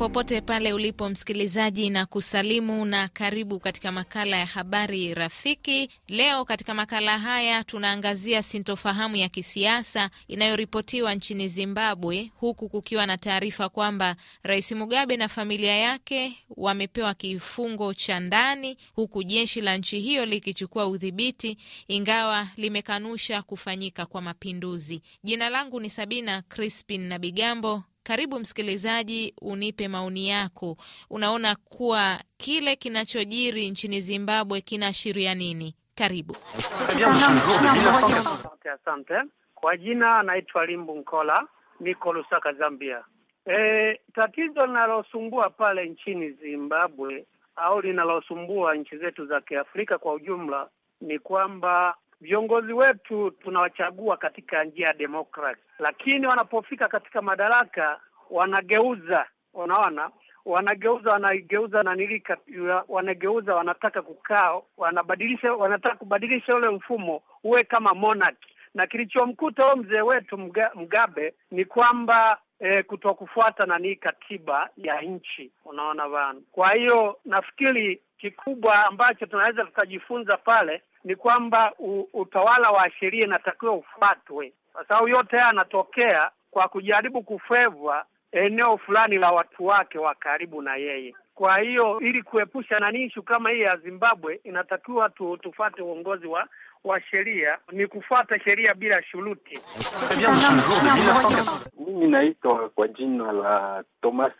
popote pale ulipo msikilizaji, na kusalimu na karibu katika makala ya habari rafiki. Leo katika makala haya tunaangazia sintofahamu ya kisiasa inayoripotiwa nchini Zimbabwe, huku kukiwa na taarifa kwamba Rais Mugabe na familia yake wamepewa kifungo cha ndani, huku jeshi la nchi hiyo likichukua udhibiti, ingawa limekanusha kufanyika kwa mapinduzi. Jina langu ni Sabina Crispin na Bigambo. Karibu msikilizaji, unipe maoni yako. Unaona kuwa kile kinachojiri nchini Zimbabwe kinaashiria nini? Karibu. Asante. Kwa jina anaitwa Limbu Nkola, niko Lusaka, Zambia. E, tatizo linalosumbua pale nchini Zimbabwe au linalosumbua nchi zetu za Kiafrika kwa ujumla ni kwamba Viongozi wetu tunawachagua katika njia ya demokrasi, lakini wanapofika katika madaraka wanageuza, unaona wanageuza wanageuza nanili wanageuza, wanataka kukaa, wanabadilisha, wanataka kubadilisha ule mfumo uwe kama monarchy. Na kilichomkuta huyo mzee wetu Mga, Mgabe ni kwamba e, eh, kuto kufuata nanii katiba ya nchi, unaona bana. Kwa hiyo nafikiri kikubwa ambacho tunaweza tukajifunza pale ni kwamba utawala wa sheria inatakiwa ufuatwe, kwa sababu yote haya yanatokea kwa kujaribu kufevwa eneo fulani la watu wake wa karibu na yeye. Kwa hiyo ili kuepusha na ishu kama hii ya Zimbabwe, inatakiwa tu, tufate uongozi wa wa sheria, ni kufuata sheria bila shuruti. Mimi naitwa kwa jina la Thomas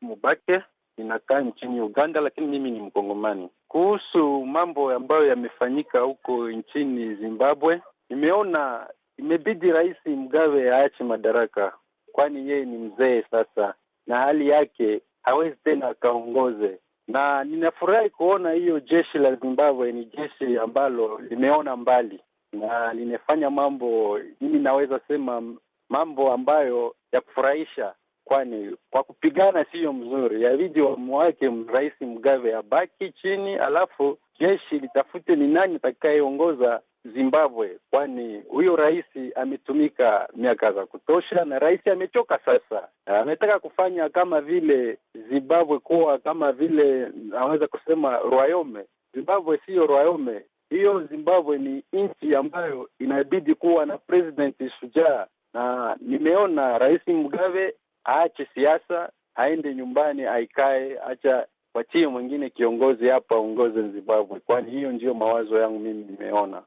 Mubake, inakaa nchini Uganda, lakini mimi ni Mkongomani. Kuhusu mambo ambayo yamefanyika huko nchini Zimbabwe, nimeona imebidi Rais mgawe aache madaraka, kwani yeye ni mzee sasa na hali yake hawezi tena akaongoze. Na ninafurahi kuona hiyo jeshi la Zimbabwe ni jeshi ambalo limeona mbali na limefanya mambo, mimi naweza sema mambo ambayo ya kufurahisha kwani kwa kupigana siyo mzuri, yabidi wamwake Rais Mugabe abaki chini, alafu jeshi litafute ni nani atakayeongoza Zimbabwe, kwani huyo rais ametumika miaka za kutosha, na rais amechoka sasa. Ametaka kufanya kama vile Zimbabwe kuwa kama vile anaweza kusema Rwayome. Zimbabwe siyo Rwayome, hiyo. Zimbabwe ni nchi ambayo inabidi kuwa na president shujaa, na nimeona Rais Mugabe aache siasa, aende nyumbani, aikae, acha wachie mwingine kiongozi hapa aongoze Zimbabwe, kwani hiyo ndiyo mawazo yangu mimi. Nimeona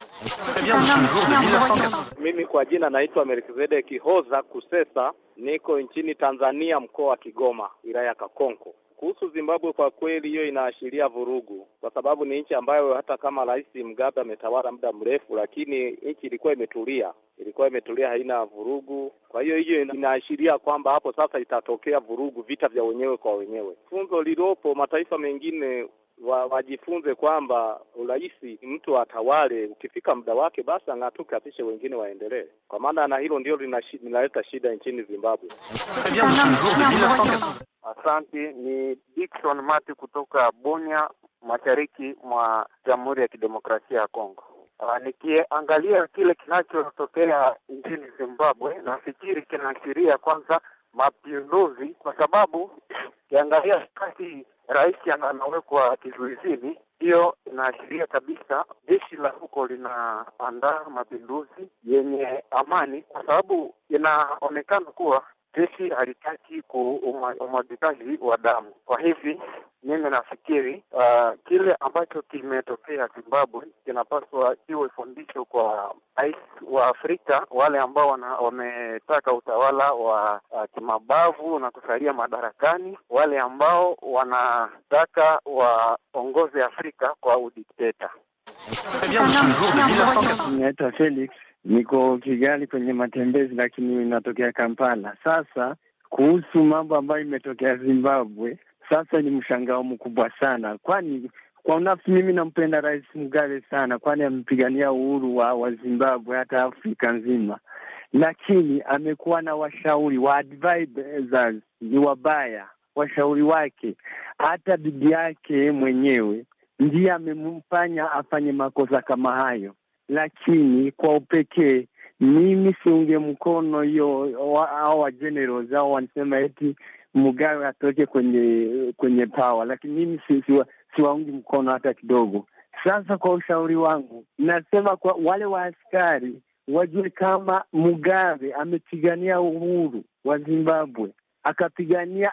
mimi kwa jina naitwa Melkizedeki Hoza Kusesa, niko nchini Tanzania, mkoa wa Kigoma, wilaya ya Kakonko. Kuhusu Zimbabwe, kwa kweli hiyo inaashiria vurugu, kwa sababu ni nchi ambayo hata kama Rais Mugabe ametawala muda mrefu, lakini nchi ilikuwa imetulia, ilikuwa imetulia, haina vurugu. Kwa hiyo hiyo inaashiria kwamba hapo sasa itatokea vurugu, vita vya wenyewe kwa wenyewe. Funzo lilopo mataifa mengine wa, wajifunze kwamba urais mtu atawale, ukifika muda wake basi ang'atuke, apishe wengine waendelee, kwa maana na hilo ndio linaleta shida nchini Zimbabwe. Asante. Ni Dikson Mati kutoka Bunia, mashariki mwa Jamhuri ya Kidemokrasia ya Kongo. Ah, nikiangalia kile kinachotokea nchini Zimbabwe, nafikiri kinaashiria kwanza mapinduzi, kwa sababu ukiangalia kati rais anawekwa kizuizini, hiyo inaashiria kabisa jeshi la huko linaandaa mapinduzi yenye amani, kwa sababu inaonekana kuwa jeshi halitaki umwagikaji wa damu. Kwa hivi mimi nafikiri uh, kile ambacho kimetokea Zimbabwe kinapaswa kiwe fundisho kwa rais wa Afrika, wale ambao wametaka utawala wa uh, kimabavu na kusalia madarakani, wale ambao wanataka waongoze Afrika kwa udikteta. Naitwa Felix niko Kigali kwenye matembezi, lakini inatokea Kampala. Sasa kuhusu mambo ambayo imetokea Zimbabwe, sasa ni mshangao mkubwa sana, kwani kwa unafsi mimi nampenda Rais Mugabe sana, kwani amepigania uhuru wa, wa Zimbabwe hata Afrika nzima, lakini amekuwa na washauri wa advisors ni wabaya, washauri wake hata bibi yake mwenyewe ndiye amemfanya afanye makosa kama hayo lakini kwa upekee mimi siunge mkono hiyo hao wageneral zao wanasema eti mgawe atoke kwenye kwenye pawa, lakini mimi si, si, siwaungi mkono hata kidogo. Sasa kwa ushauri wangu nasema kwa wale waaskari wajue kama Mugabe amepigania uhuru wa Zimbabwe, akapigania,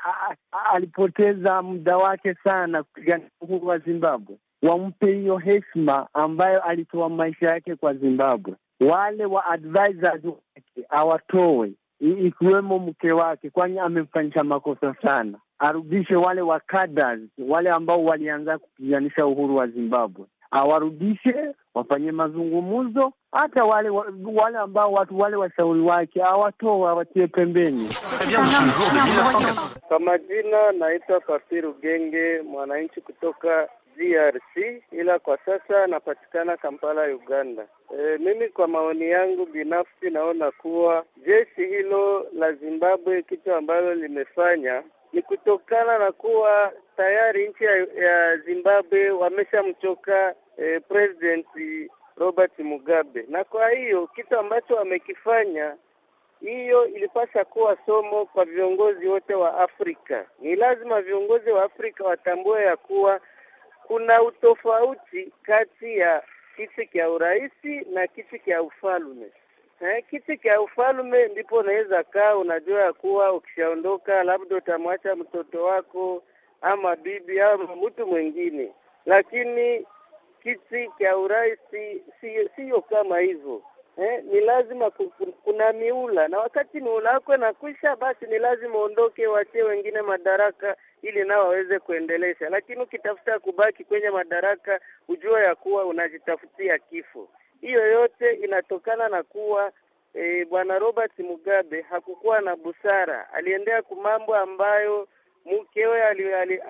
alipoteza muda wake sana kupigania uhuru wa Zimbabwe wampe hiyo heshima ambayo alitoa maisha yake kwa Zimbabwe. Wale wa advisors wake awatoe, ikiwemo mke wake, kwani amemfanyisha makosa sana. Arudishe wale wa cadres, wale ambao walianza kupiganisha uhuru wa Zimbabwe, awarudishe wafanye mazungumzo. Hata wale wale ambao watu wale washauri wake awatoe, awatie pembeni. Kwa majina naitwa Genge, mwananchi kutoka DRC ila kwa sasa anapatikana Kampala, Uganda. E, mimi kwa maoni yangu binafsi naona kuwa jeshi hilo la Zimbabwe kitu ambalo limefanya ni kutokana na kuwa tayari nchi ya Zimbabwe wameshamchoka e, President Robert Mugabe, na kwa hiyo kitu ambacho wamekifanya hiyo ilipasha kuwa somo kwa viongozi wote wa Afrika. Ni lazima viongozi wa Afrika watambue ya kuwa kuna utofauti kati ya kiti cha urais na kiti cha ufalme Eh, kiti cha ufalme ndipo unaweza kaa, unajua ya kuwa ukishaondoka labda utamwacha mtoto wako ama bibi ama mtu mwingine, lakini kiti cha urais siyo kama hivyo eh, ni lazima kuna miula, na wakati miula yako inakwisha, basi ni lazima uondoke, wachie wengine madaraka ili nao waweze kuendelesha. Lakini ukitafuta kubaki kwenye madaraka, ujua ya kuwa unajitafutia kifo. Hiyo yote inatokana na kuwa e, bwana Robert Mugabe hakukuwa na busara, aliendea kumambo ambayo mkewe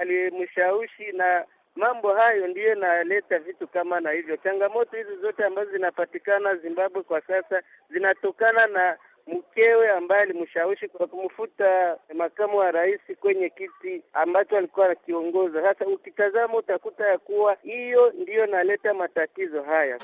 alimshawishi ali, ali na Mambo hayo ndiyo yanaleta vitu kama na hivyo. Changamoto hizi zote ambazo zinapatikana Zimbabwe kwa sasa zinatokana na mkewe ambaye alimshawishi kwa kumfuta makamu wa rais kwenye kiti ambacho alikuwa anakiongoza. Sasa ukitazama utakuta ya kuwa hiyo ndiyo naleta matatizo haya.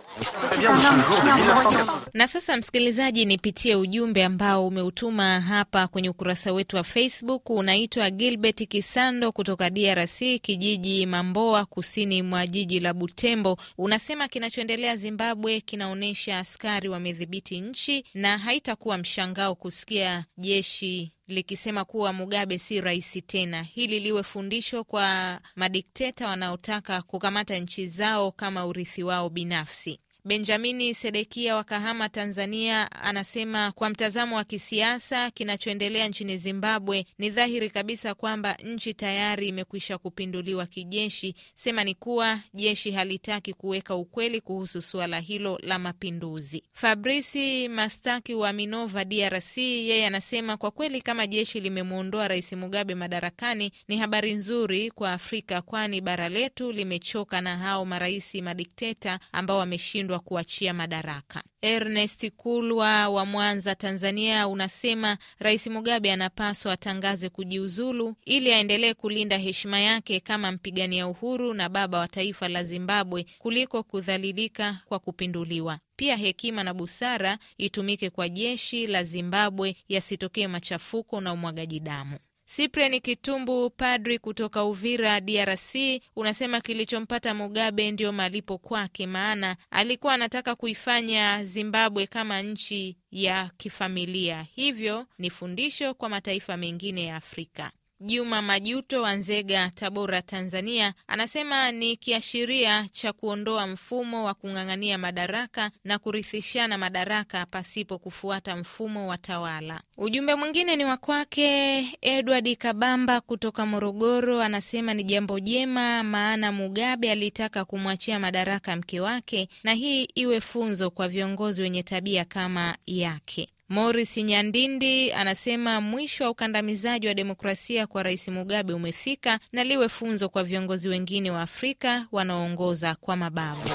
Na sasa, msikilizaji, nipitie ujumbe ambao umeutuma hapa kwenye ukurasa wetu wa Facebook. Unaitwa Gilbert Kisando kutoka DRC, kijiji Mamboa, kusini mwa jiji la Butembo. Unasema kinachoendelea Zimbabwe kinaonyesha askari wamedhibiti nchi na haitakuwa mshangao kusikia jeshi likisema kuwa Mugabe si rais tena. Hili liwe fundisho kwa madikteta wanaotaka kukamata nchi zao kama urithi wao binafsi. Benjamini Sedekia wa Kahama, Tanzania, anasema kwa mtazamo wa kisiasa, kinachoendelea nchini Zimbabwe ni dhahiri kabisa kwamba nchi tayari imekwisha kupinduliwa kijeshi. Sema ni kuwa jeshi halitaki kuweka ukweli kuhusu suala hilo la mapinduzi. Fabrisi Mastaki wa Minova, DRC, yeye anasema kwa kweli, kama jeshi limemwondoa Rais Mugabe madarakani ni habari nzuri kwa Afrika, kwani bara letu limechoka na hao marais madikteta ambao wameshindwa kushindwa kuachia madaraka. Ernest Kulwa wa Mwanza, Tanzania, unasema Rais Mugabe anapaswa atangaze kujiuzulu ili aendelee kulinda heshima yake kama mpigania uhuru na baba wa taifa la Zimbabwe kuliko kudhalilika kwa kupinduliwa. Pia hekima na busara itumike kwa jeshi la Zimbabwe, yasitokee machafuko na umwagaji damu. Cyprian Kitumbu, padri kutoka Uvira, DRC, unasema kilichompata Mugabe ndiyo malipo kwake, maana alikuwa anataka kuifanya Zimbabwe kama nchi ya kifamilia. Hivyo ni fundisho kwa mataifa mengine ya Afrika. Juma Majuto wa Nzega, Tabora, Tanzania, anasema ni kiashiria cha kuondoa mfumo wa kung'ang'ania madaraka na kurithishana madaraka pasipo kufuata mfumo wa tawala. Ujumbe mwingine ni wa kwake Edward Kabamba kutoka Morogoro, anasema ni jambo jema, maana Mugabe alitaka kumwachia madaraka mke wake, na hii iwe funzo kwa viongozi wenye tabia kama yake. Morris Nyandindi anasema mwisho wa ukandamizaji wa demokrasia kwa Rais Mugabe umefika na liwe funzo kwa viongozi wengine wa Afrika wanaoongoza kwa mabavu.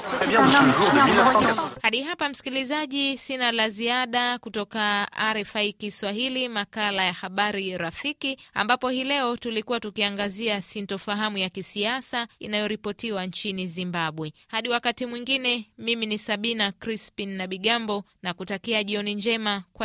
Hadi hapa msikilizaji, sina la ziada kutoka RFI Kiswahili, makala ya habari rafiki, ambapo hii leo tulikuwa tukiangazia sintofahamu ya kisiasa inayoripotiwa nchini Zimbabwe. Hadi wakati mwingine, mimi ni Sabina Crispin na Bigambo na kutakia jioni njema kwa